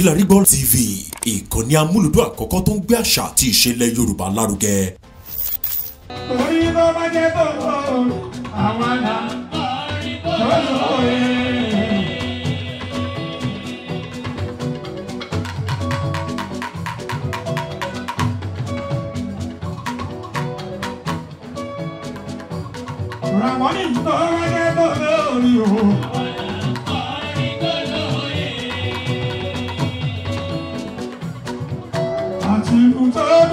Kilarigbo TV ìkànnì amúlùdún àkọ́kọ́ tó ń gbé àṣà àti ìṣẹ̀lẹ̀ Yorùbá lárugẹ. orí bá jẹ́ bò àwọn àná tó lóore. Ramoni tó bá jẹ́ bò o.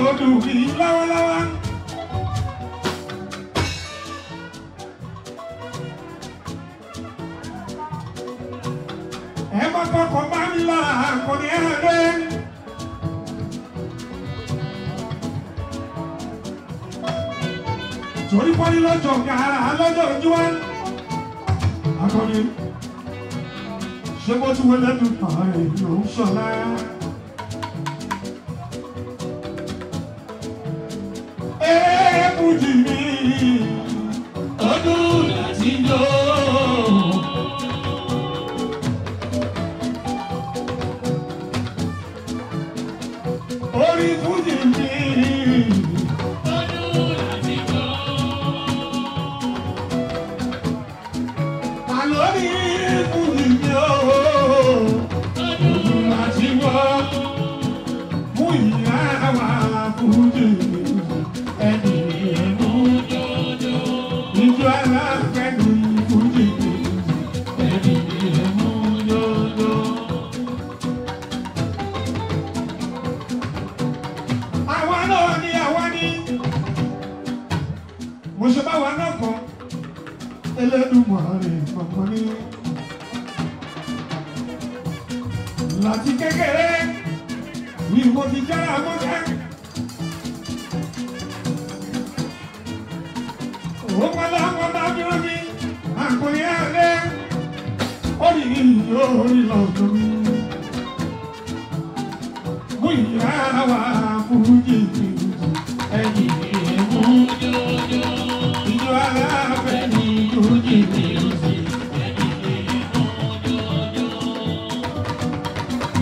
odò yìí lọ́wọ́lọ́wọ́. ẹ kọ́kọ́ kọ́ bá mi lára kò ní ẹ̀rẹ́. torí pọ́lí lọ́jọ́ gàrà lọ́jọ́ ojú wa. akọni ṣé mo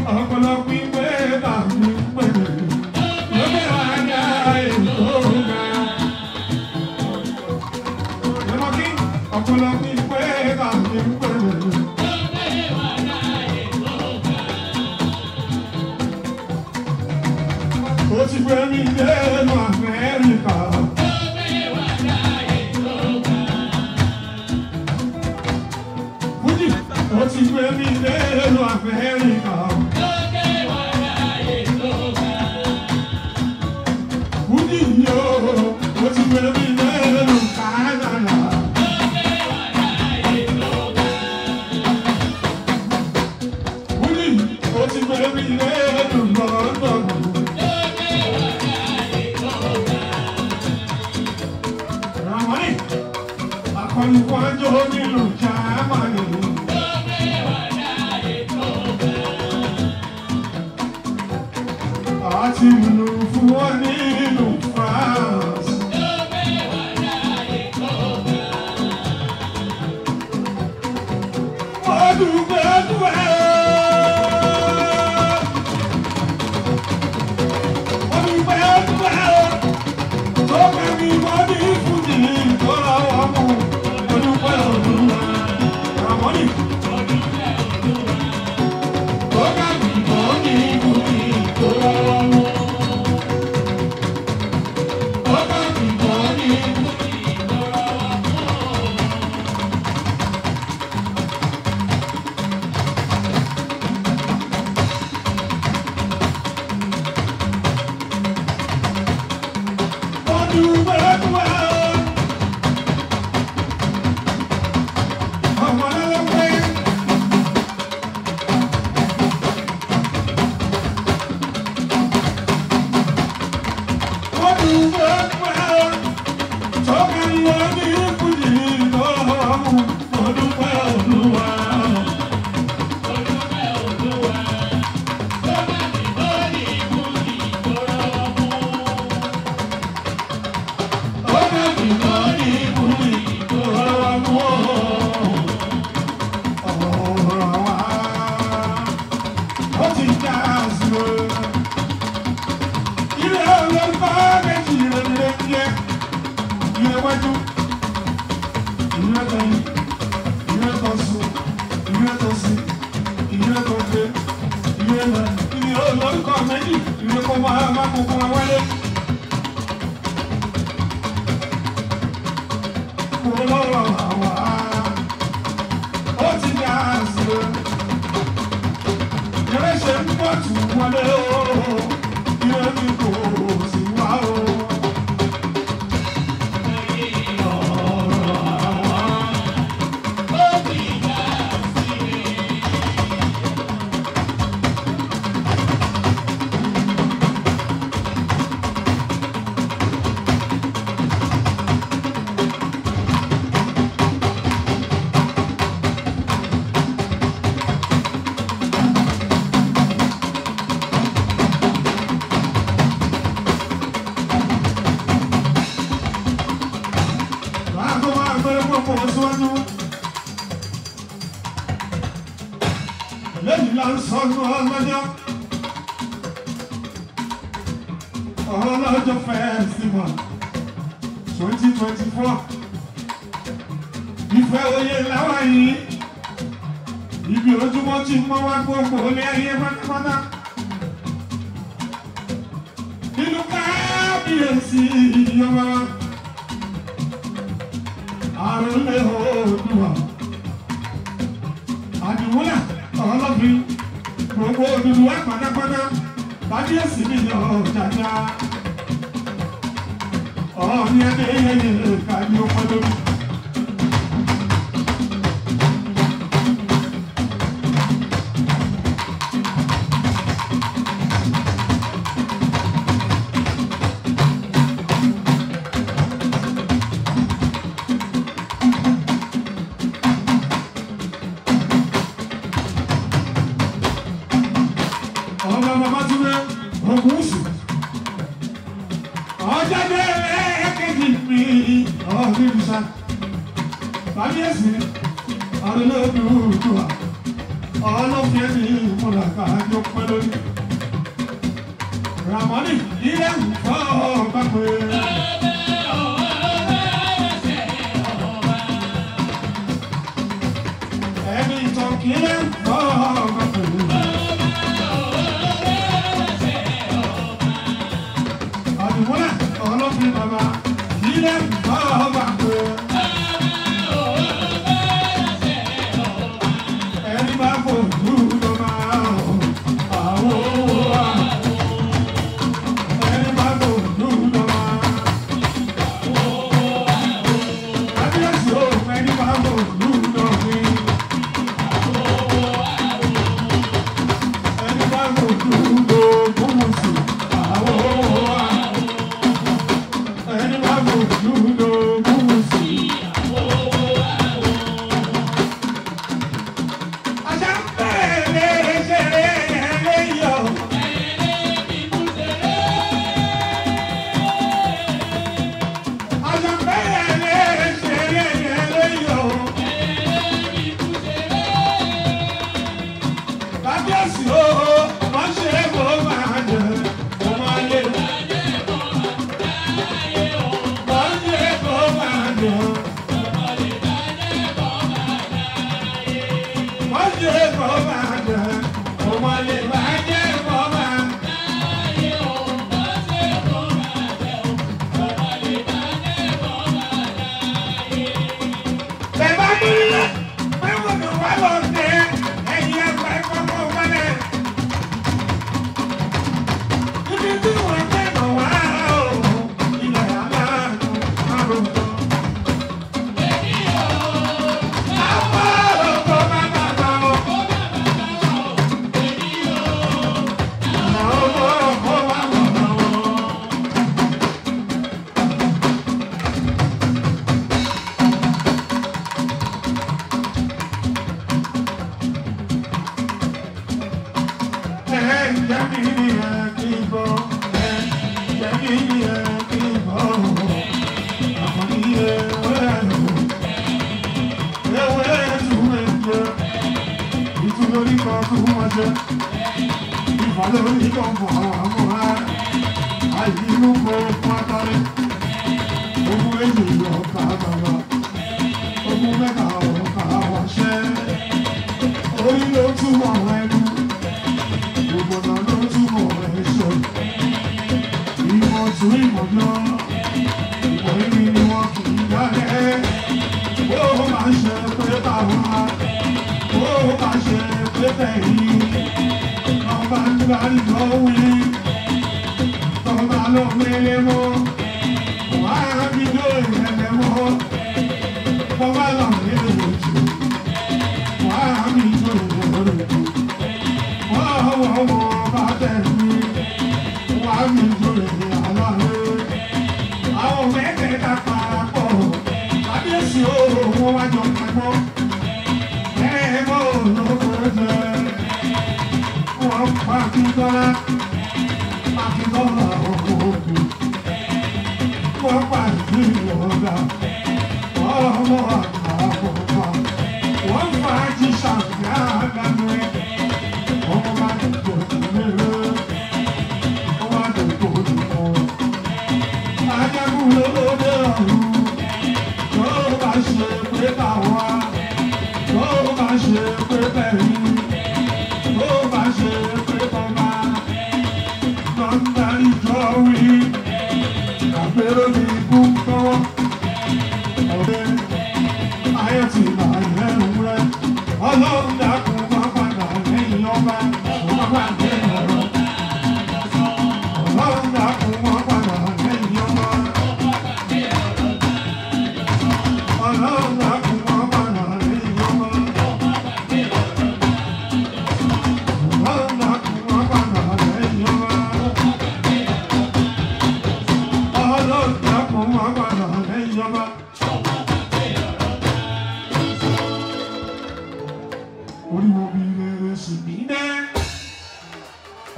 I'm going ọ̀pọ̀lọpọ̀ ìwé bàbá.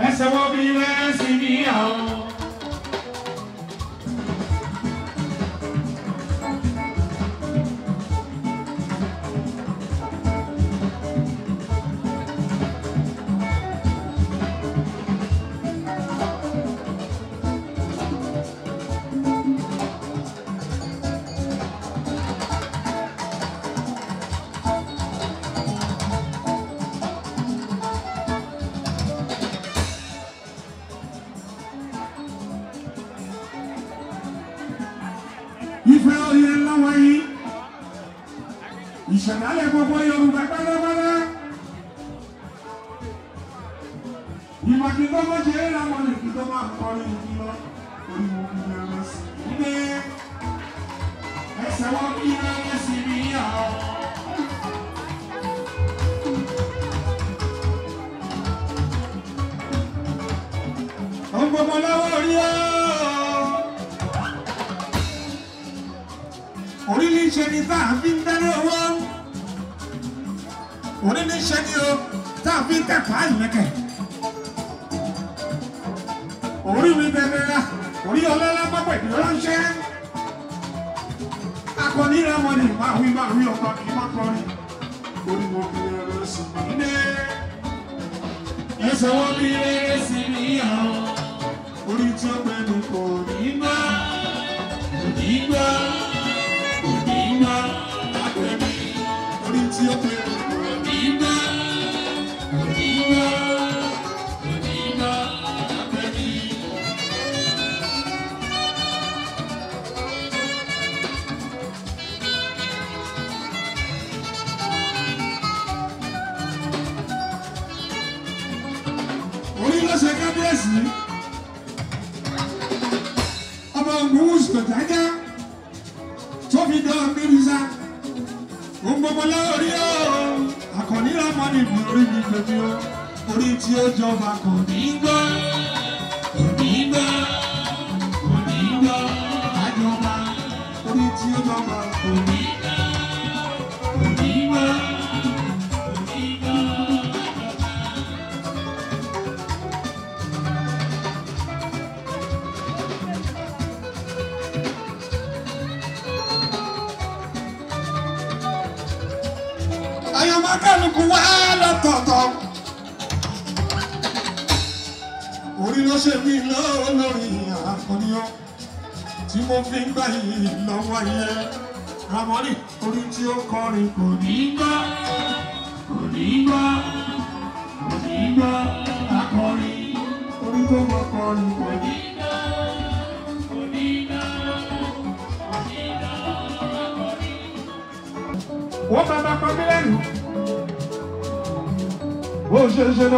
ẹsẹ̀ wọ́n bí rẹ́ sí mi àwọn.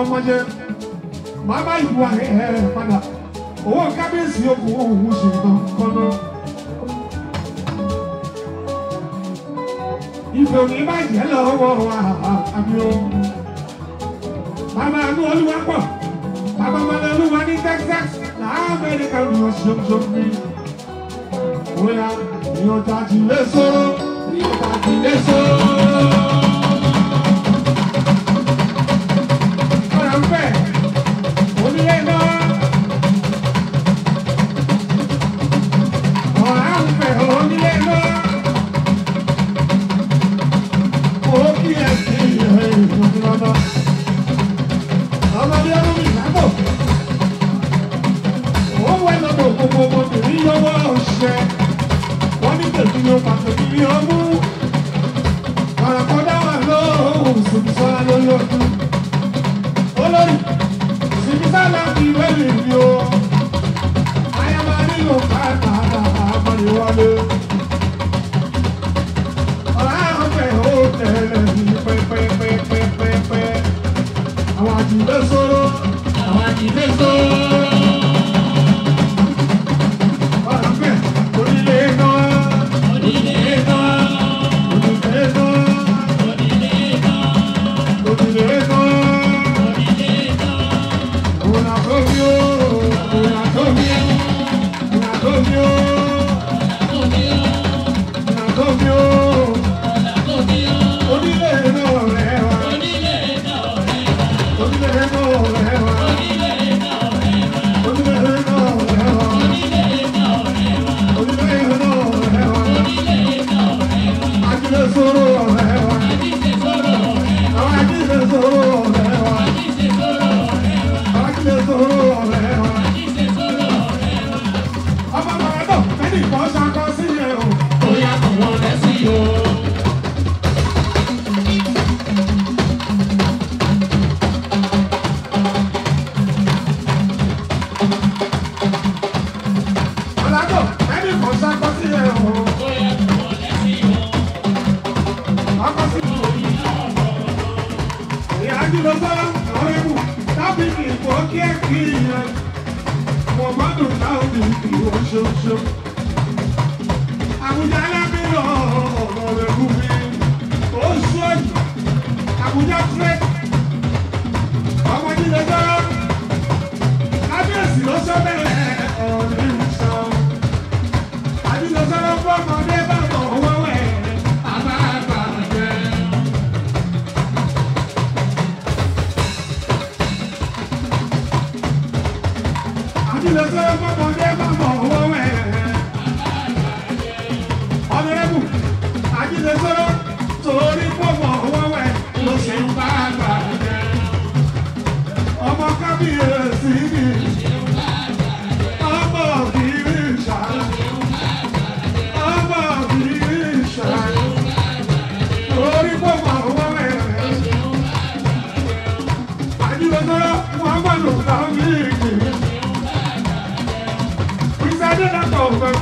Mama, ọmọdé màá má yìí wá ẹ̀ẹ́ padà owó kábíyèsí òkú òhun ṣùgbọ́n kọ́nà. ìfẹ́ òní bá yẹ lọ́wọ́ àmì o. bàbá àánú olúwa pọ̀ bàbá ọmọdé olúwa ní Texas l'Amẹ́ríkà ní ọ̀ṣọ́ṣọ́ mi. Oya, ìyọ̀tà ti lé sọ̀rọ̀ ìyọ̀tà ti lé sọ̀rọ̀. lọ́wọ́ òṣìṣẹ́ wọ́n ní pẹ̀lú ní pàtó kiri ọmú àràkọ́dá wà lóhùn Síbísọ́lá ló lọ́dún olórí Síbísọ́lá fi wẹ́rì rí o ayaba nílò káàkà àbàbà àbọ̀lẹ̀wọlé ọ̀rá ọ̀fẹ́ ó tẹ̀lé ní pẹ́pẹ́pẹ́pẹ́pẹ́ àwọn àjùbẹ́ sọ̀rọ̀ àwọn àjùbẹ́ sọ̀rọ̀. kábíyèsí ni ọmọ mi rí ìṣá ọmọ mi rí ìṣá lórí pọ̀pọ̀ àwọn ẹ̀rẹ́ àdìlọ́dọ́ wọn gbọ́dọ̀ láwọn ìgbì ìṣàdédàpọ̀ fẹ́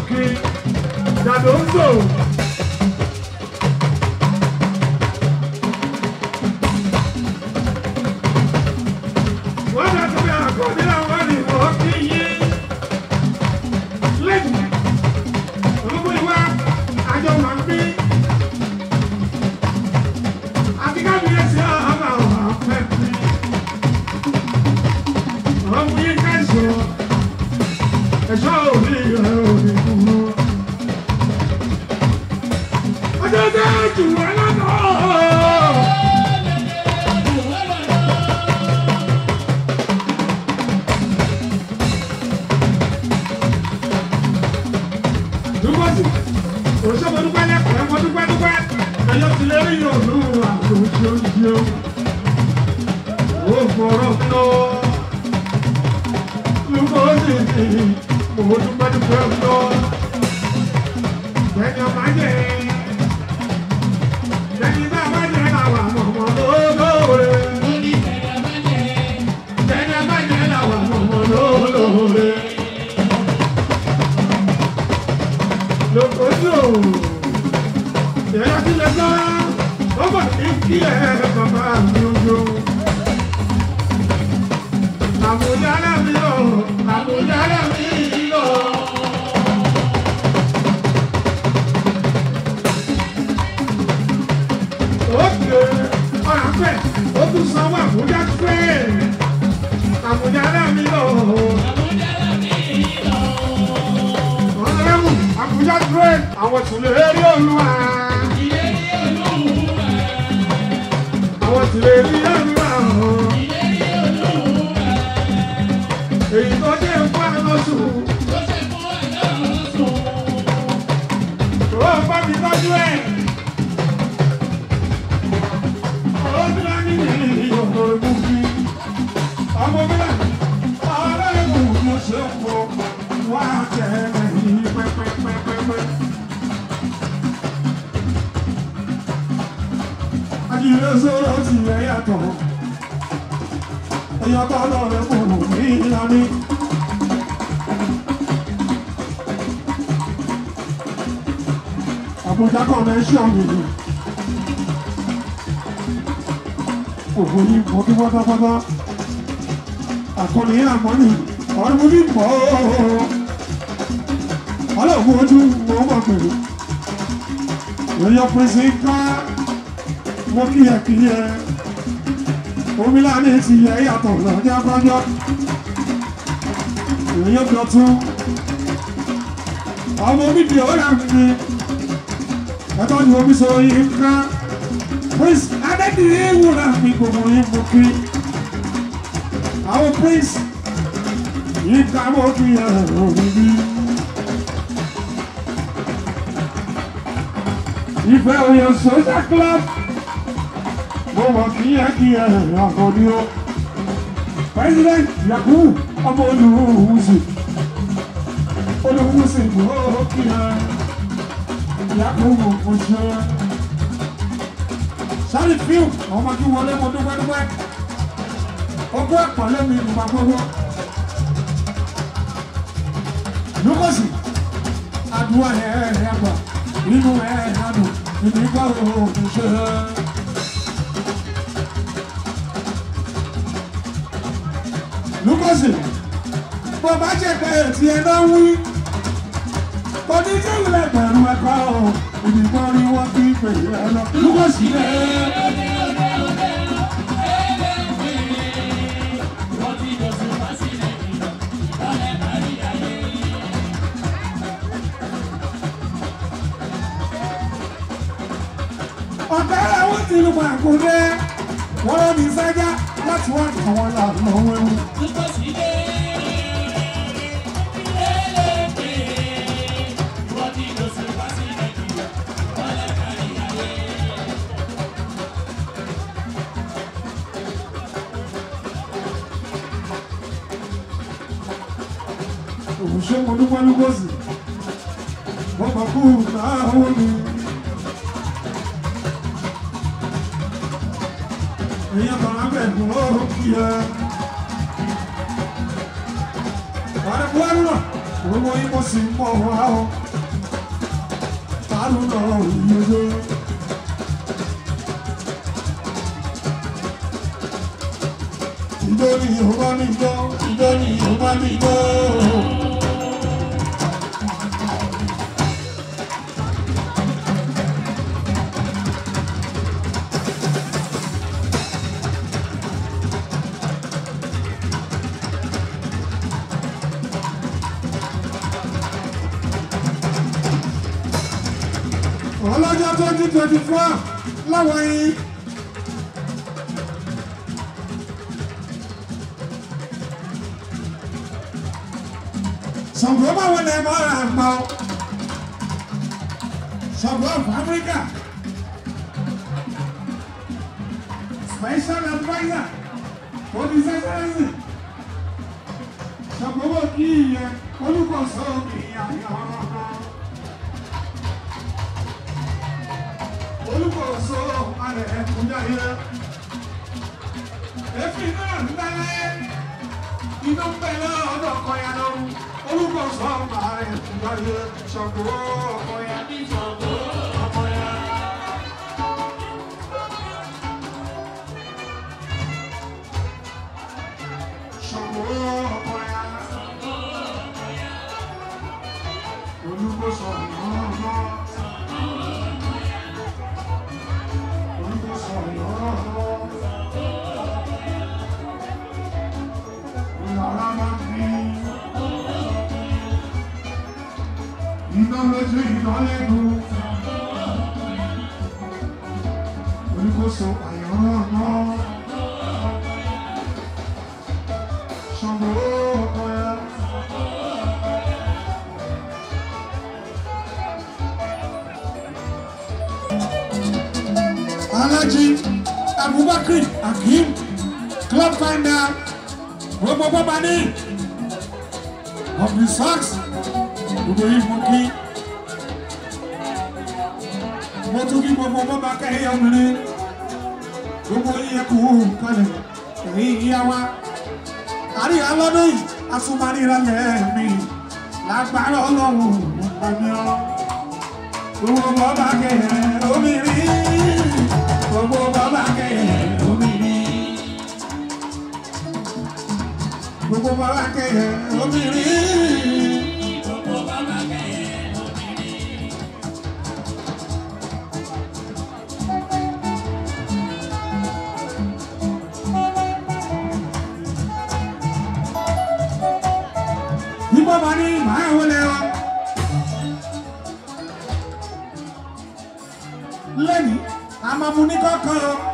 gbàgbà gbàgbà èèyàn dọ̀tún ọmọ bíbí ọ̀rẹ́ mi ni ẹ̀tọ́ ni omi sọ yìí ń ká prince adédìrí wúrà mi gbogbo yín mo kí àwọn prince yìí ká mo kí ẹ̀rọ mi bí. ìfẹ́ òye sọ́jà club mo wọ̀ kí ẹ kí ẹ àkọ́ni o president Yakubu ọmọ Olúwùsì Olúwùsì mú ó kíra Yakubu mú ṣe sáré fíìmù ọmọ kí wọlé mo dúpẹ́ dúpẹ́ ọgbọ́n àpọ̀lẹ́ mi ìgbà gbogbo lókòsì àdúrà ẹ̀ ẹ̀ ẹ̀ àgbà nínú ẹ̀ ẹ̀ àdùn ìgbà òòrùn ṣe. kòsì bó bá jẹ pé ètí ẹ náà wí kò ní jẹ́ ìlẹ̀ bẹ̀rù ẹ̀kọ́ o ìdìbò rí wọn kí pè é lọ. kòsì rẹ̀. ọ̀gára wọ́n ti lu pàkúndé wọ́n ló ní sájà láti wá àwọn làwọn ewu. ṣe mo dúpẹ́ lúkọ́sì mo kàn kú táwọn mi. èèyàn kan abẹ́ẹ̀kún ó kí ẹ. ààrẹ buhari náà owó yín mo sì ń mọ̀ o. tálù náà ò yíyó. ìjọ ni Yorùbá mi gbọ́ ìjọ ni Yorùbá mi gbọ́. twenty four láwọn yìí. Ṣàngó báwo lè máa rà inú pẹ̀lẹ́ ọ̀dọ̀ kan ya lọ́rùn orúkọ sọ́ọ̀mà rẹ̀ tùbáyé ṣọ̀gbọ́ ọkọ̀ ya ní ṣọ̀gbọ́. àyànlẹ́gùn olùkóso àyànlọ́nà Ṣàngó ọ̀kọ̀yà. Alhaji Abubakar Akeem club gbogbo wọn bá kẹ́yìn obìnrin gbogbo yíyẹ kù ú kalẹ̀ ẹ̀yìn ìyá wa àrí alọ́dún yìí asúmarira lẹ́ẹ̀mí lágbára ọlọ́run ọ̀gbẹ́ni ọ gbogbo wọn bá Munikaka.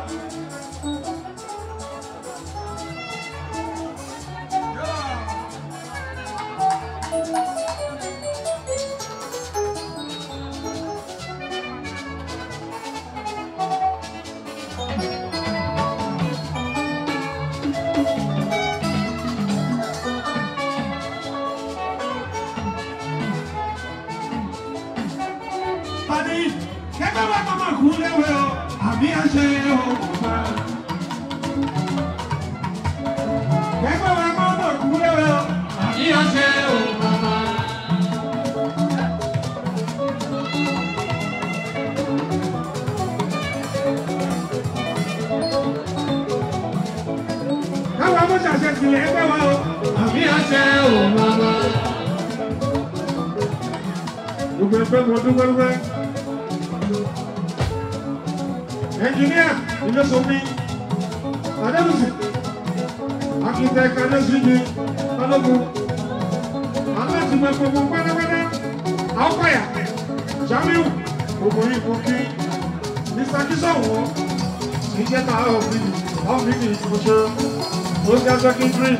jẹ́ sẹ́kítírì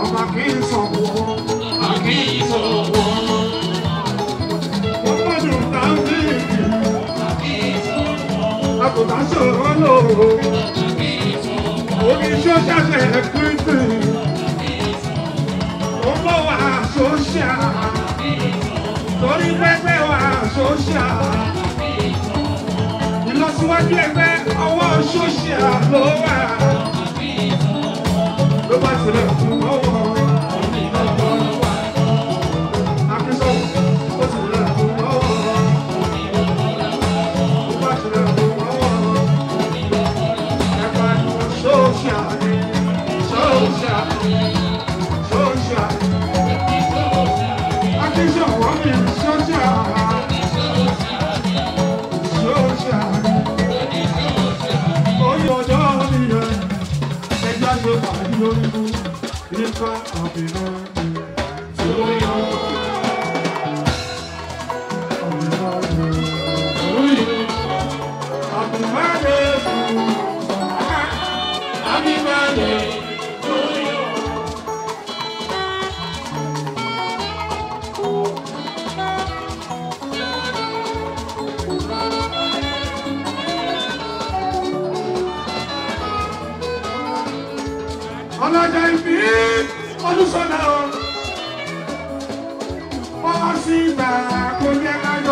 ọmọ kì í sanwó ọmọ kì í sanwó. ọgbọ́dún tábìlì àbùdá sọ̀rọ̀ lòrò orí sọ́ṣà sẹ́kítírì ọmọ wa sọ́ṣà torí pẹ́pẹ́ wa sọ́ṣà ìlọsíwájú ẹgbẹ́ ọwọ́ sọ́ṣà ló wà ló bá ṣẹlẹ̀ fún ọwọ́ ọ̀rọ̀. you.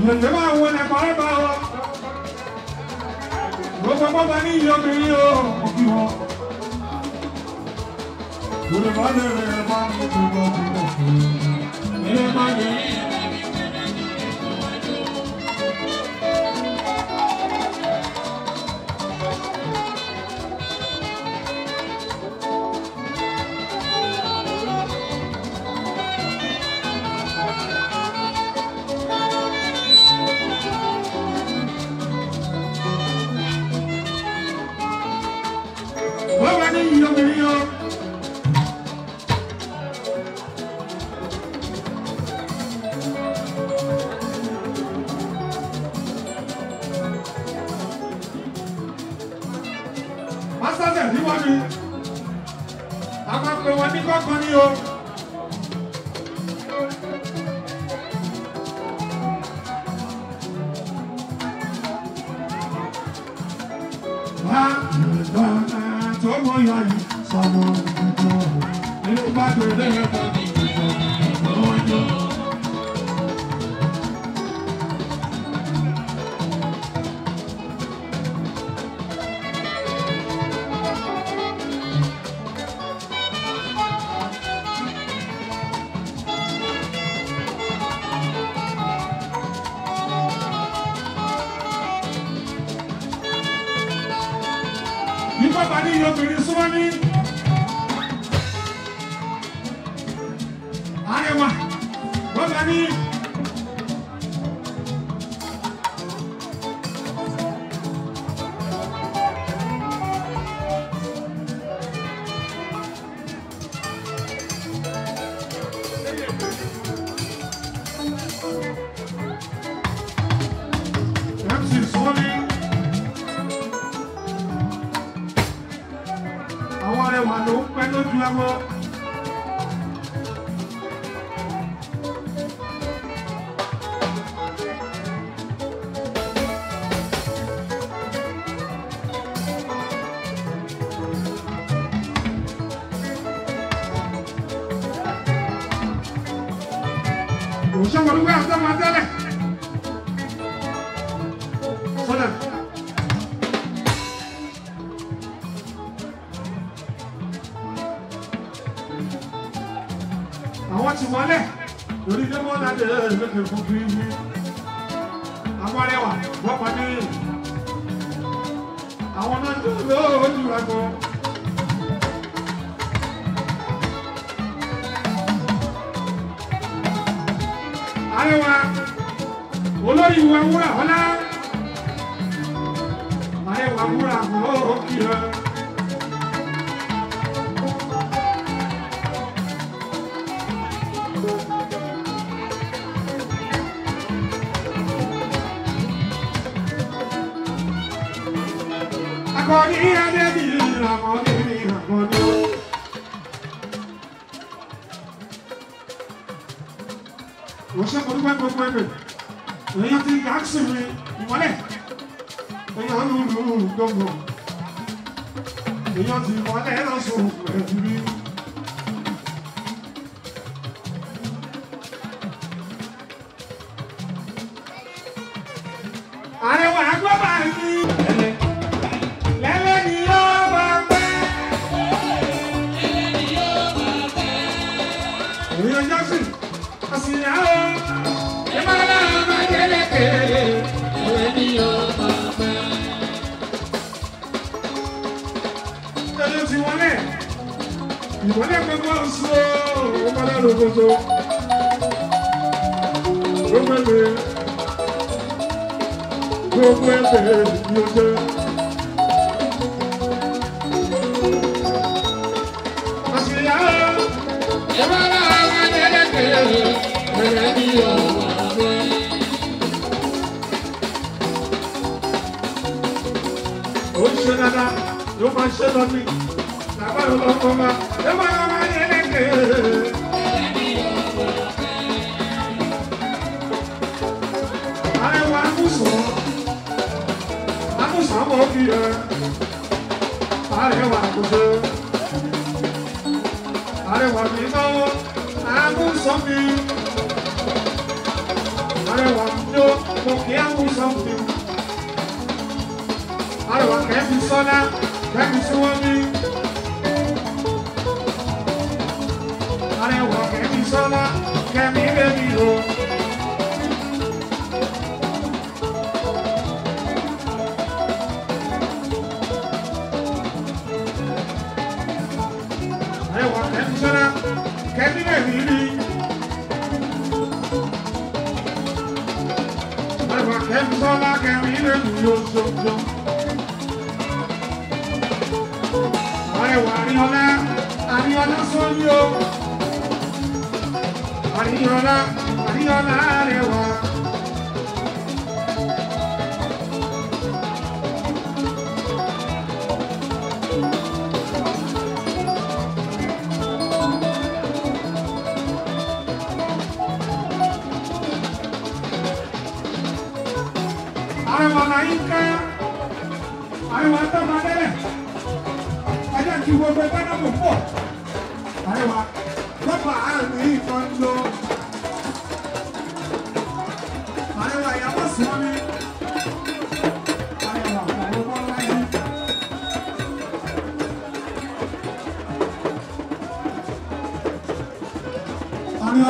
ìyẹ̀tẹ̀ bá wọn ẹ̀ parẹ́ bá wọn. gbogbo pápá ní ìyá obìnrin o òbí wọn. Yorùbá lè rẹ̀ bá mi jùlọ bí wọ́n fún mi. Ilé máa ń yẹ. àkọ́ni adébí àkọ́ni ni àkọ́ni o. wọ́n ṣe kọ́ dúpẹ́ gbogbo ẹ̀bẹ̀ èèyàn ti yà á sì rìn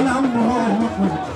Muhammad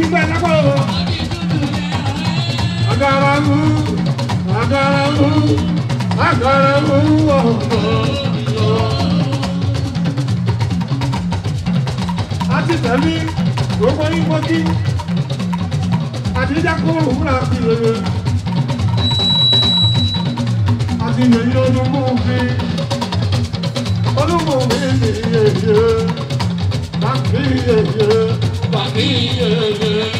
gbígbẹ́ lápò. Àgàrà mú, àgàrà mú, àgàrà mú ọ̀hún. A ti tẹ̀lé gbogbo yípo kí. Àdíjà kó òwúrà sí rere. Àti yẹ̀yẹ́ olúmọ̀ òfin. Olúmọ̀ òfin yẹ̀yẹ́. Láti yẹ̀yẹ́. 把敌人。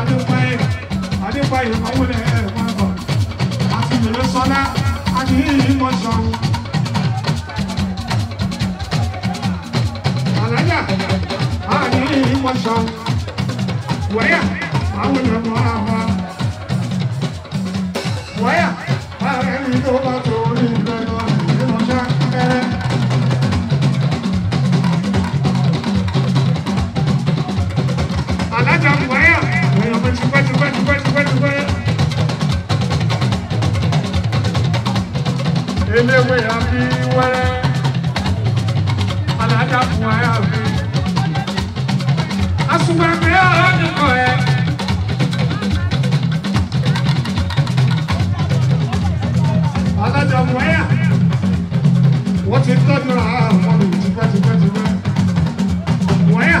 adúpẹ́ adúpẹ́ ìrànwọ́ ẹ̀ ẹ̀ máa bọ̀ àti ìrẹ̀lẹ̀ sọlá àti yíyí mọ̀ sọ̀rọ̀. alájà àti yíyí mọ̀ sọ̀rọ̀ wẹ́yà àwọn ènìyàn mọ̀ àwọn wẹ́yà àrẹ̀ mi ló bá tó. eléwé àbí wẹ́rẹ́ alájà fún ẹ àbí. asùnmọ̀gbẹ́ ọ̀nìkọ̀ ẹ. alájà fún ẹ wọ́n ti tọ́jú àwọn ọmọ mi tipẹ́tipẹ́tipẹ́. wọ́n yà.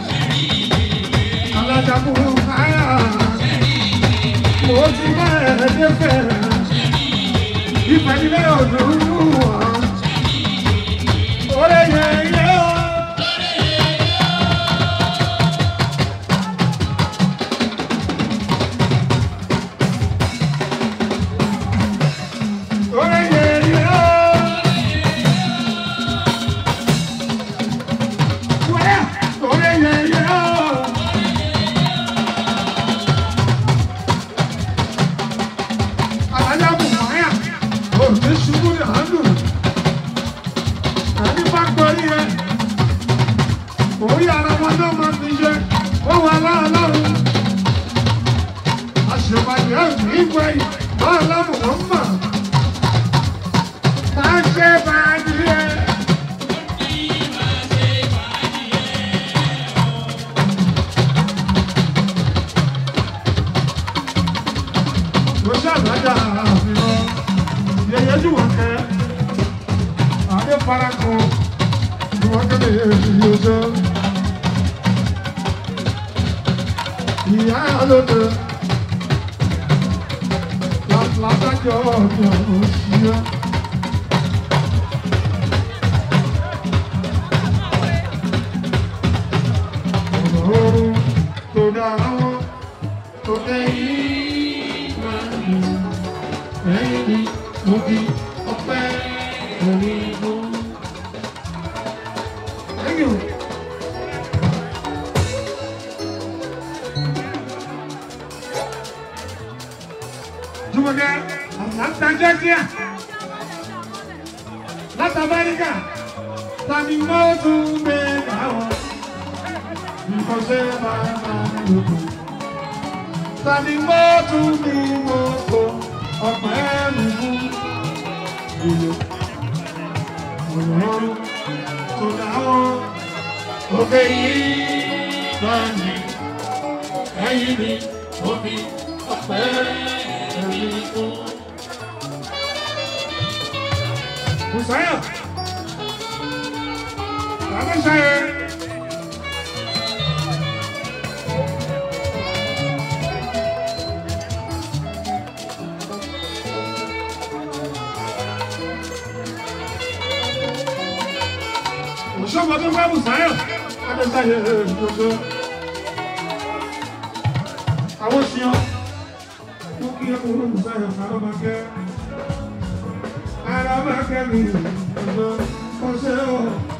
àdàkùrù káyà mo ti bẹ̀rẹ̀ dé fẹ̀rẹ̀ ìfẹ́ nílé ọ̀dùnrún wọ̀ ọ́ lè yẹ. Nàìjíríà láti Amẹ́ríkà tani mọ́ tún gbé gàwọ́ ìkọ̀ṣẹ́ máa máa ń lòkù. Tani mọ́ tún ní mo kó ọ̀pẹ́ mi fún ìlú. Ọ̀rọ̀ tó dáwọ́ òkè yìí máa ń yí ẹ̀yìn mi òfin ọ̀pẹ́ mi fún. Hussein. Baba Hussein. Chama do Baba Hussein. Baba Hussein. Àwọn ṣìyàn, ó kí ẹkùn olóògùn sáyẹn fún àwọn ọmọ akẹ́. Ọlọ́run bá kẹ́mi. Ó ṣe wọ̀.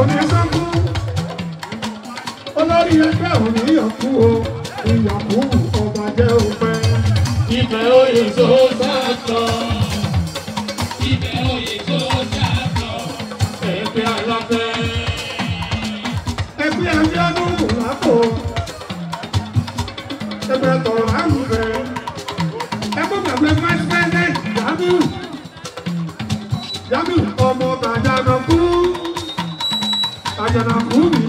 ò ní sọ́kú olórí ẹgbẹ́ ò ní yọ̀kú o ìyọ̀kú ọba jẹ́ òpẹ́. ibẹ̀ oyè tó sàtọ̀ ibẹ̀ oyè tó sàtọ̀ ẹgbẹ́ alábẹ́. ẹgbẹ́ ajánu làpọ̀ ẹgbẹ́ tọ̀rọ̀ àlùfẹ́ ẹgbẹ́ bàbá vice Jamiu Jamiu ọmọ bàjá lọ vayan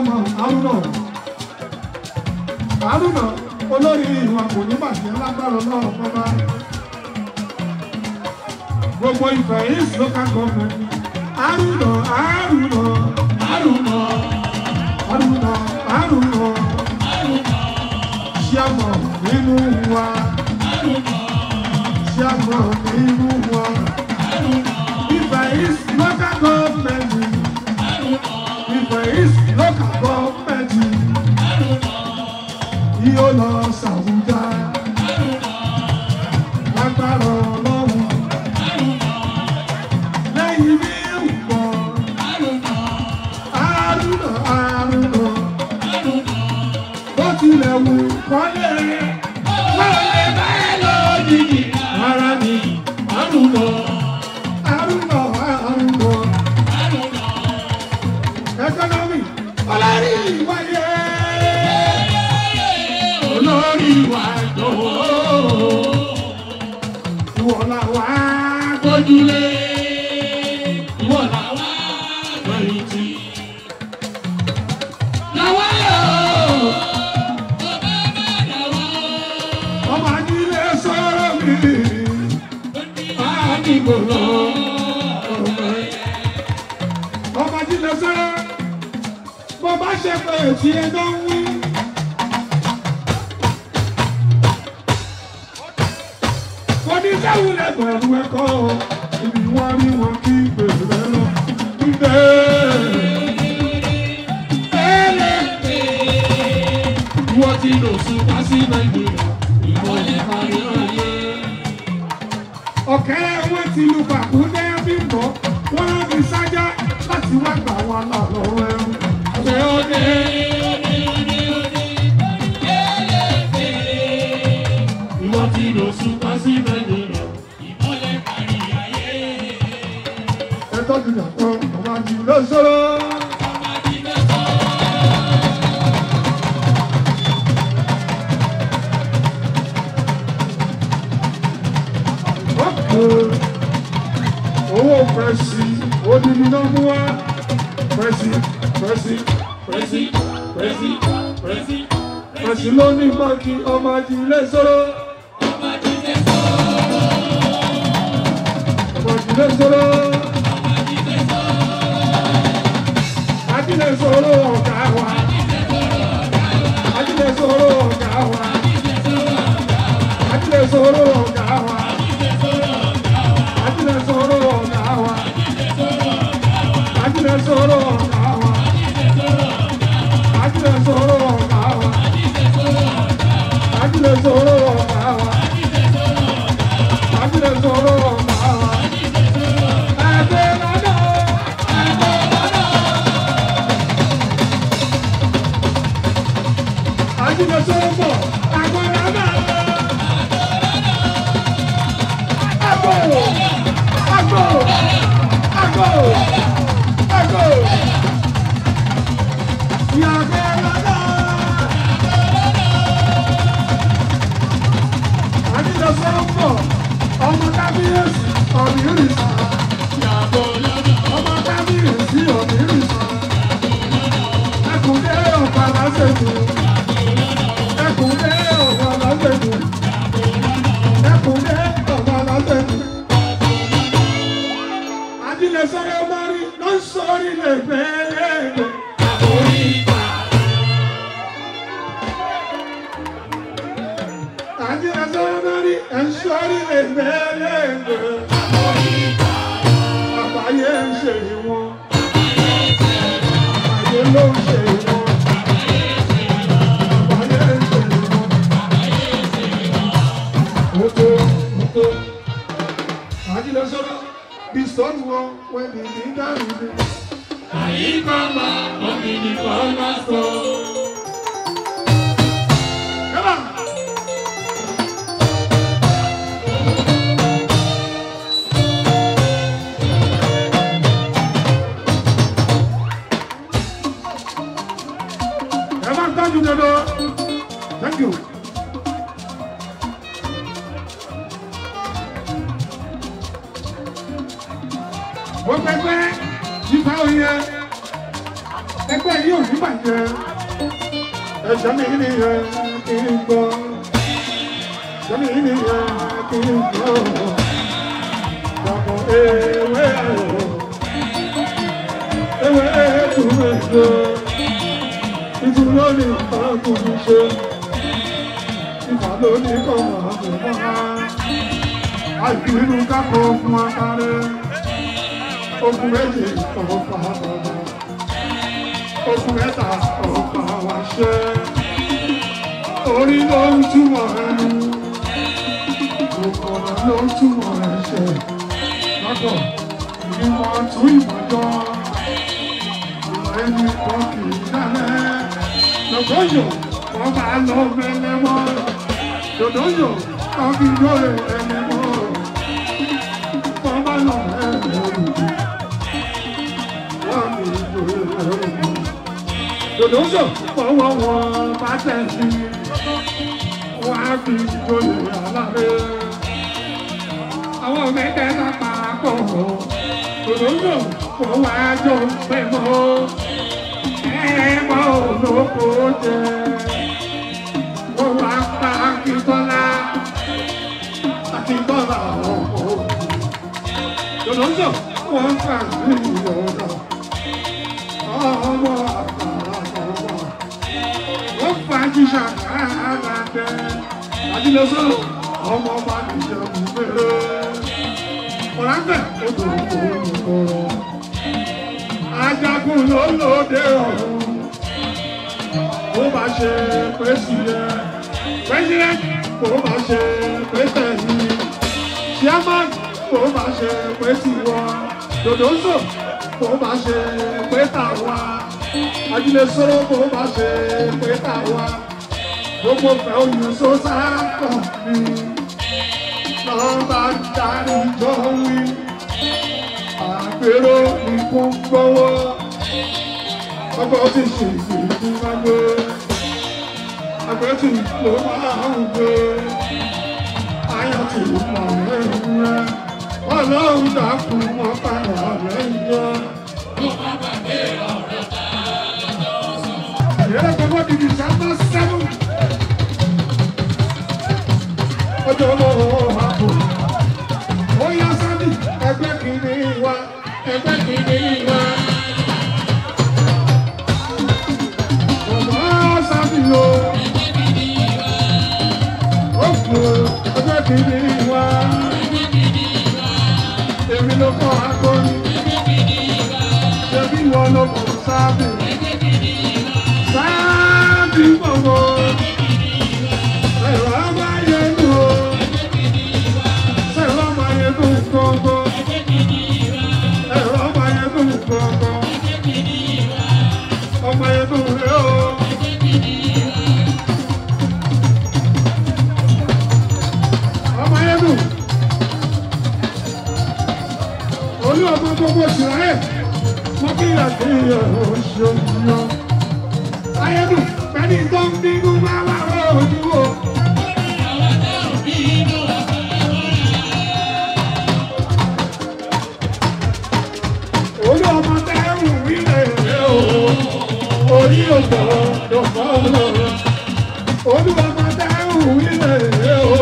chairman haruna haruna olórí ìlú àpòníbàjẹ́ lágbára ọlọ́run bọ́bá gbogbo ìfẹ́ east local government haruna haruna haruna haruna haruna chairman nínú wa chairman nínú wa ìfẹ́ east local government you. yóò lọ sàwùjá. lọ́jọ́ wọ́n kà sí ìyọ̀dọ̀ ọmọ àgbàlagbà wọ́n fà jíjà káàdé àdìlọ́sọ ọmọ bá nìjẹ́ bùbẹ́ ọ̀rántẹ̀ odò òkòrò ajagun ló lóde ọ̀run bó bá ṣe pẹ́sìlẹ̀ pẹ́sìlẹ̀ kò bá ṣe pẹ́sẹ̀ yìí chairman kò má ṣe pé tiwọn dòdòńdò kò má ṣe pé tàwa ajílẹ̀ sọ́rọ́ kò má ṣe pé tàwa gbogbo fẹ́ oyún sọ́sá kọ̀ mí lọ́ba darí jọ wí àpérò ikú gbọ́wọ́ ọkọ̀ ti ṣe ìgbìyànjú máa gbé àgbẹ̀tì ló máa ń gbé ayọ̀ tì í mọ̀ ẹ́ rẹ́ ọlọ́run dákun mọ́ padà ọ̀rẹ́ ìjọ. ló má gbàgbé ọ̀rẹ́ tá di December seven. ọjọ́ olóró wa kò. ó yá sábì ẹgbẹ́ kìíní wa. ẹgbẹ́ kìíní wa. ọmọ sábì o. ẹgbẹ́ no no kíyèsíyè oṣooṣù. ayédùn pẹ̀lú tó ń bínú máa wá wọ ojú o. olú ọmọ tẹ́ ń wílẹ̀ e o orí òjò ló fọ́ lọ́rọ̀. olú ọmọ tẹ́ ń wílẹ̀ e o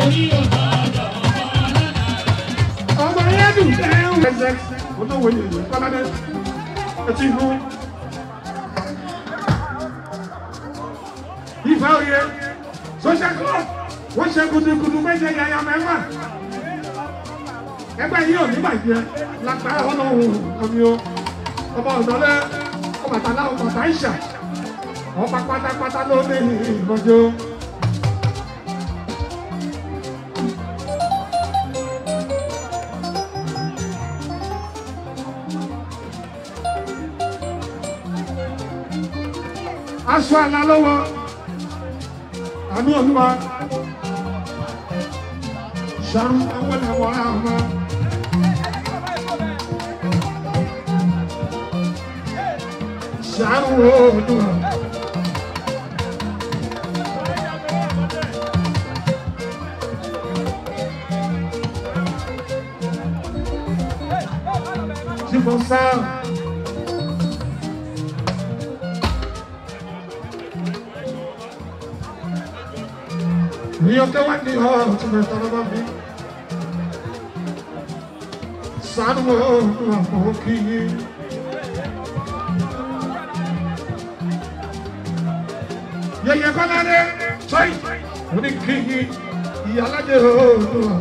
orí òjò ló fọ́ lọ́rọ̀. ọmọ ayédùn tẹ́ ń wílẹ̀ e. o so Ọ̀tìnú. Ifá oyè sọ́ṣẹ́kọ́ wọ́n ṣe gudugudu mẹ́jẹ yàyà mẹ́wàá. Ẹgbẹ́ yìí ò ní bàjẹ́ lágbára ọlọ́run kọ́mi o. Ọmọ ọ̀dọ́lẹ́ ọmọ àtàlà ọmọ àtàìṣà. Ọ̀pá pátápátá ló ní ìmọ̀jọ́. aṣọ àlà lọ́wọ́ àánú olúwa ṣàrùn owó lẹ́wọ̀n àwọn. ṣàrùn olúwa. Tipo, salve. Niotewa ni ho tumetana mami Sanwo wa moki Yeye kolare choi oniki Iyalade ho wa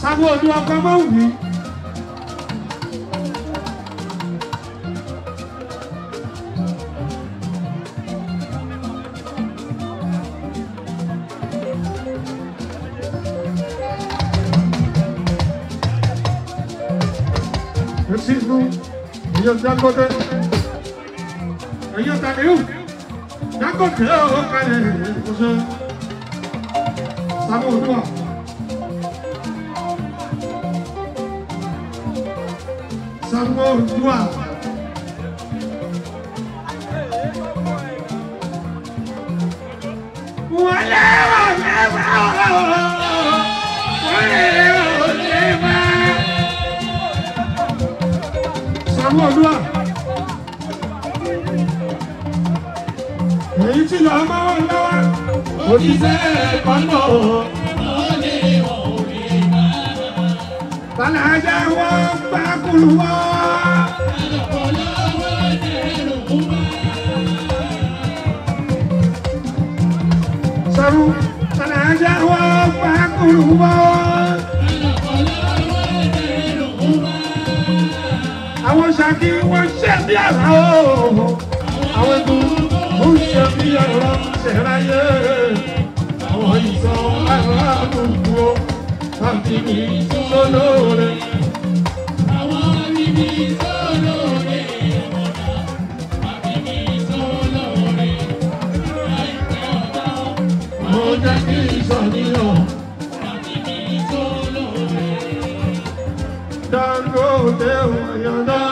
Sanwo ni ọkọ mọ wí. Joseph Dangote. Ẹ̀yin ọ̀tá ni ó. Dangote ó kalẹ̀ ìkóso. Sábà Olúwa. Sábà Olúwa. Wọ́n lé wọ́n lé wọ́n lé wọ́n. ìyàwó olúwa èyí tí lọ máa wà lọ́wọ́ òṣìṣẹ́ ẹ̀kọ́ náà. Balaja wa bakulu wa. Saru, balaja wa bakulu wa. ṣàkí wọ́n ṣe bí àrà ooo. Àwọn egun ó ń ṣe bí àrà ṣẹ̀ráyé. Àwọn ìtàn àrà gbogbo ó àti ní ìtúlólóore. Àwọn níbi ìtúlólóore. Mo jẹ́ kí ìsọ̀nìyàn. Dangote, Oyanda.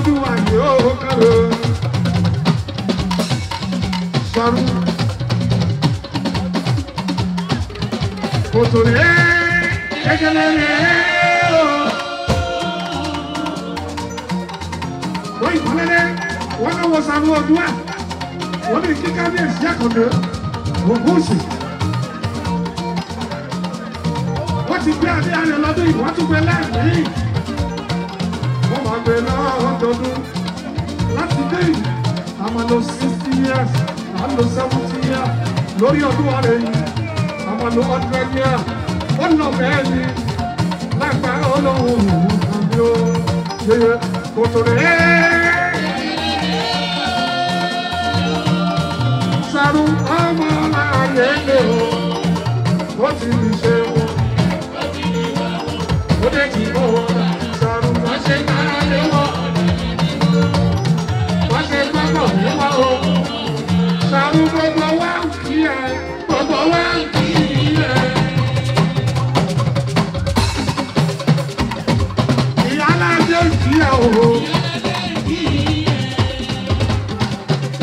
ọdún wa ni ó kàró. Sọ̀rọ̀ kòtò rẹ̀ ẹ̀jẹ̀lẹ̀ rẹ̀ o. Wọ́n ìfọ̀lẹ́lẹ́ wọ́n náà wọ sanu ọdún wa. Wọ́n ní kíkà ní èsì àkàndé ògúnṣì. Wọ́n àgbẹ̀ lọ́dọọdún láti dé yìí a máa lò sixty years a lò seventy years lórí ọdún ààrẹ yìí a máa lò hundred years ó nà bẹ́ẹ̀ ni lágbára ọlọ́run àbí ó yẹ kó tó lè. Saru ọmọ láàyè lè o, ó ti ní ṣe wọn, ó dé kí ó wọ́n àrùn gbogbo wa ń kí ẹ gbogbo wa ń kí ẹ. ìyálàjẹ ń kí ẹ o.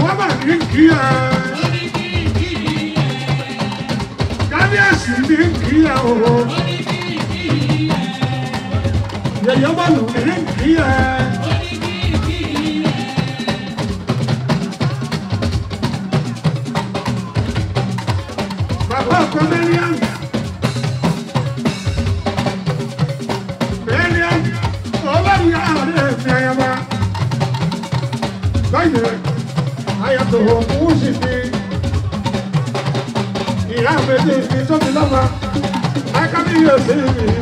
wọ́n bá ní kí ẹ. kábíyèsí ní baby.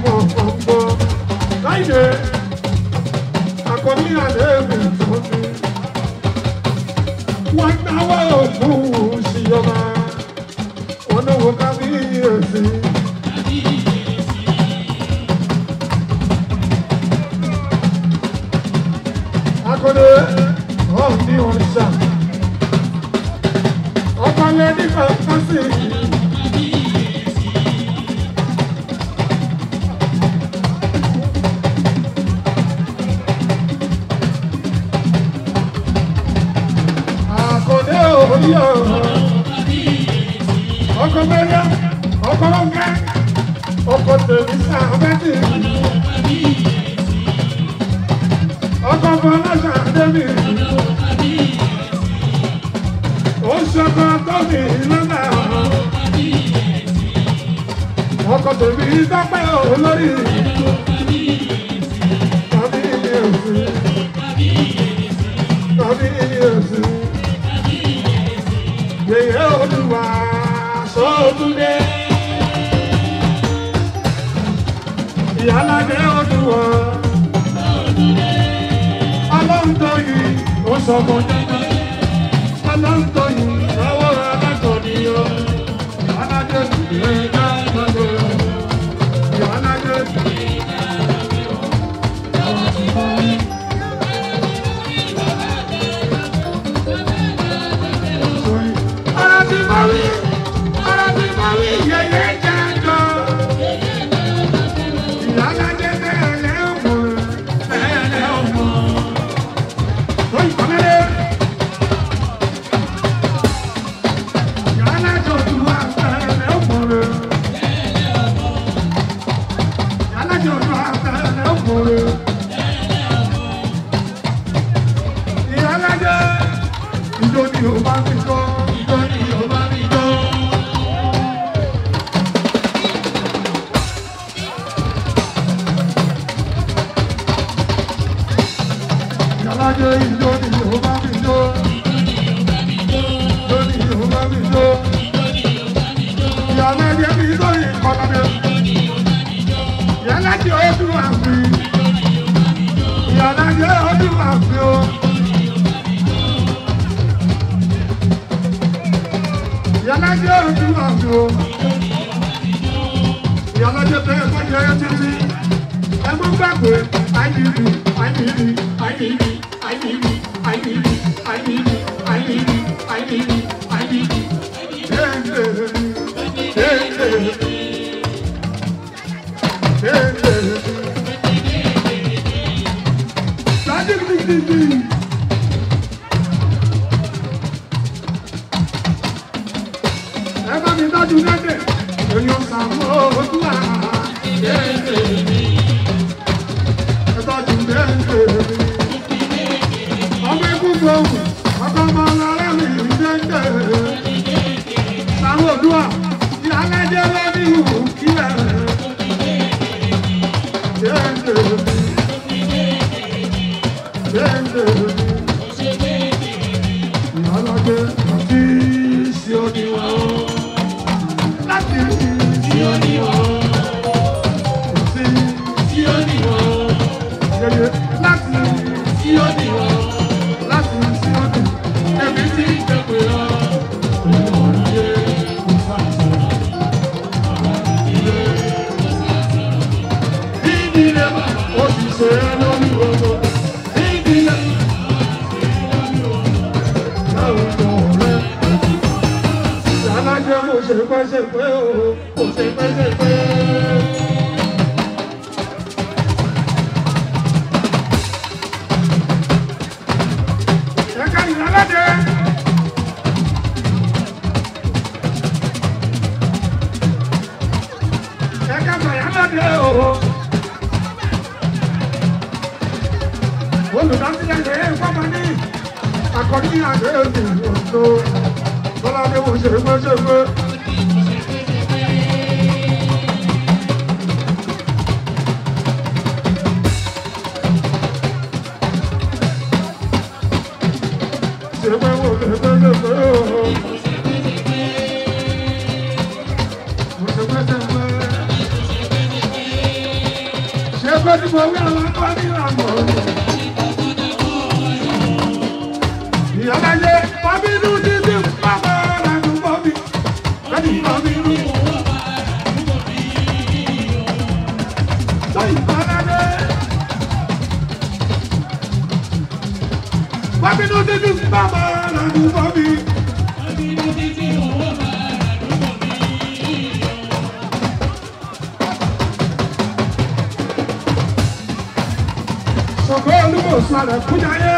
Ìyá láyé, wá bínú ní. Abínú títí bàbá àràdùn fọ́ mi. Abínú títí owó bá àràdùn fọ́ mi. Ṣọ̀gbọ́n olúmọ̀ sọ̀rọ̀ kúnyáyé.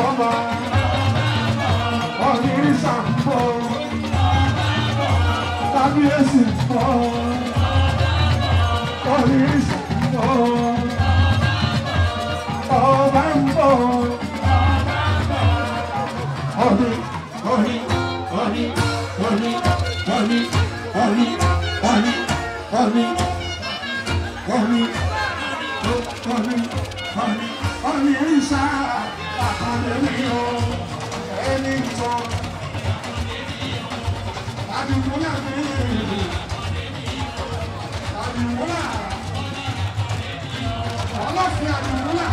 Oh bọ́mọ ọ̀rìnrìn sàǹbọ̀ kábíyèsí bọ́mọ. àdìmúlà ọlọ́sìn àdìmúlà.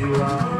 you are.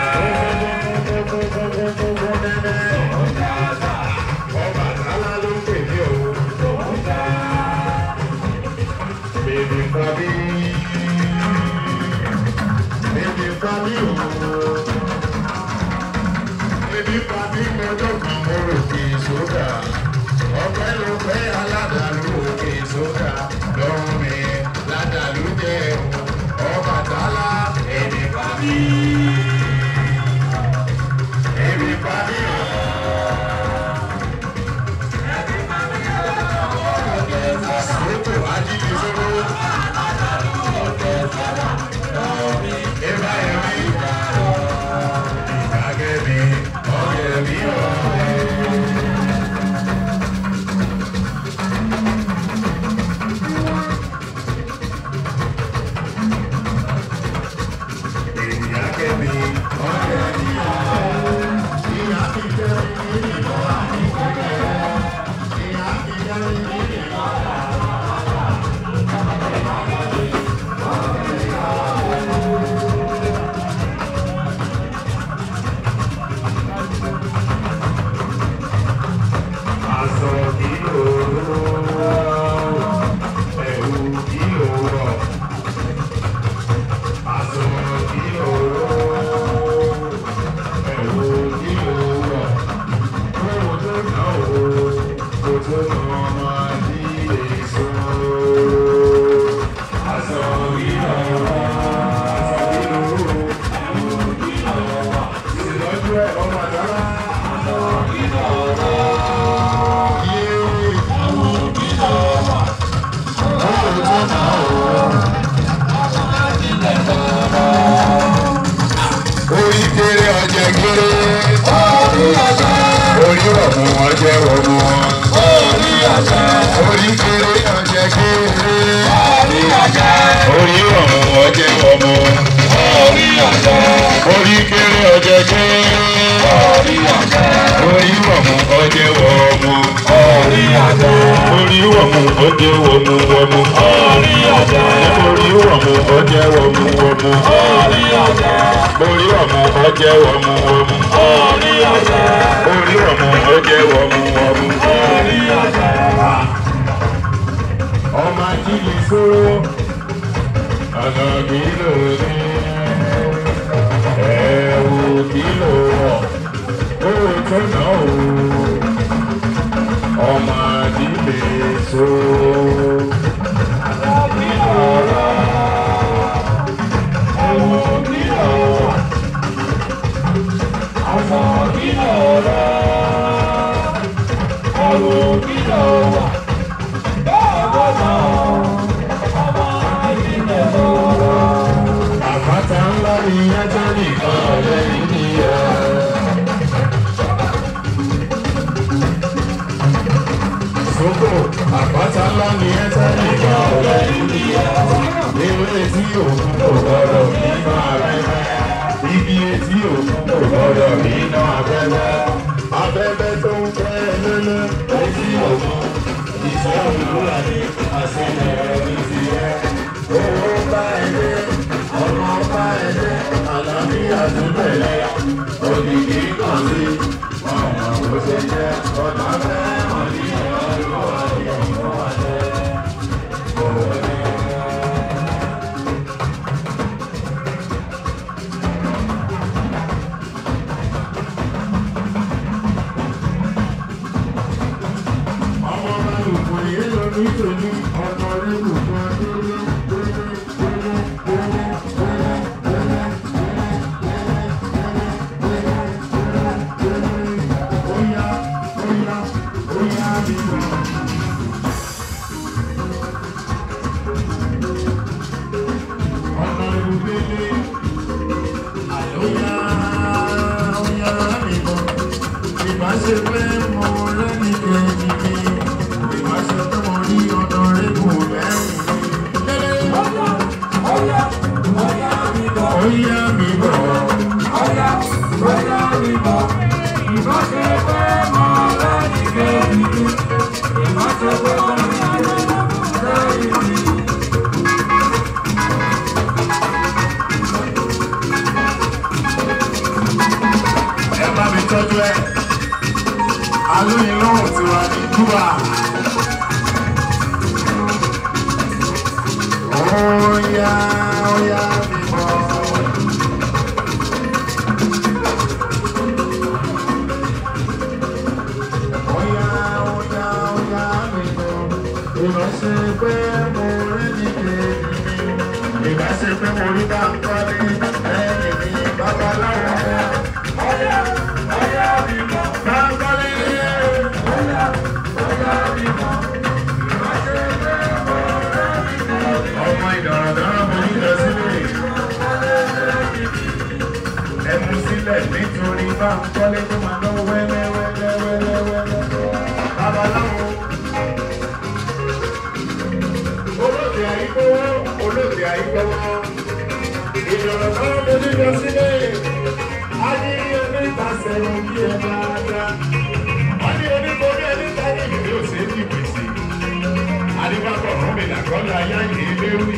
tí mo dọ̀kan mo rò kì í sódà ọpẹ́ ló fẹ́ aládàlú òkè sódà lọ́rùn mi ládàlú jẹ́ Ọbàtálá èdè bá mi. Èdè bá mi ọ̀. Ajibi Zoro. inú ọ̀nà wọn jẹ́ ọmọ wọn. Orí àṣà. Orí kéré náà jẹ́ kéré. Orí àṣà. Orí ọ̀nà wọn jẹ́ ọmọ. Orí àṣà. Orí kéré ọ̀jẹ̀ kéré. Orí àṣà. Orí wọ ọ̀tẹ̀. orí wọ̀mù ọjẹ́ wọ̀mù wọ̀mù. orí ọ̀tẹ̀. orí wọ̀mù ọjẹ́ wọ̀mù wọ̀mù. orí ọ̀tẹ̀. orí wọ̀mù ọjẹ́ wọ̀mù wọ̀mù. orí ọ̀tẹ̀. orí wọ̀mù ọjẹ́ wọ̀mù wọ̀mù. orí ọ̀tẹ̀. ọmọ ajínigbé sóró ọ̀nà kí ló ní ẹ̀wù kí ló wọ̀ ó tó náà ó. be through.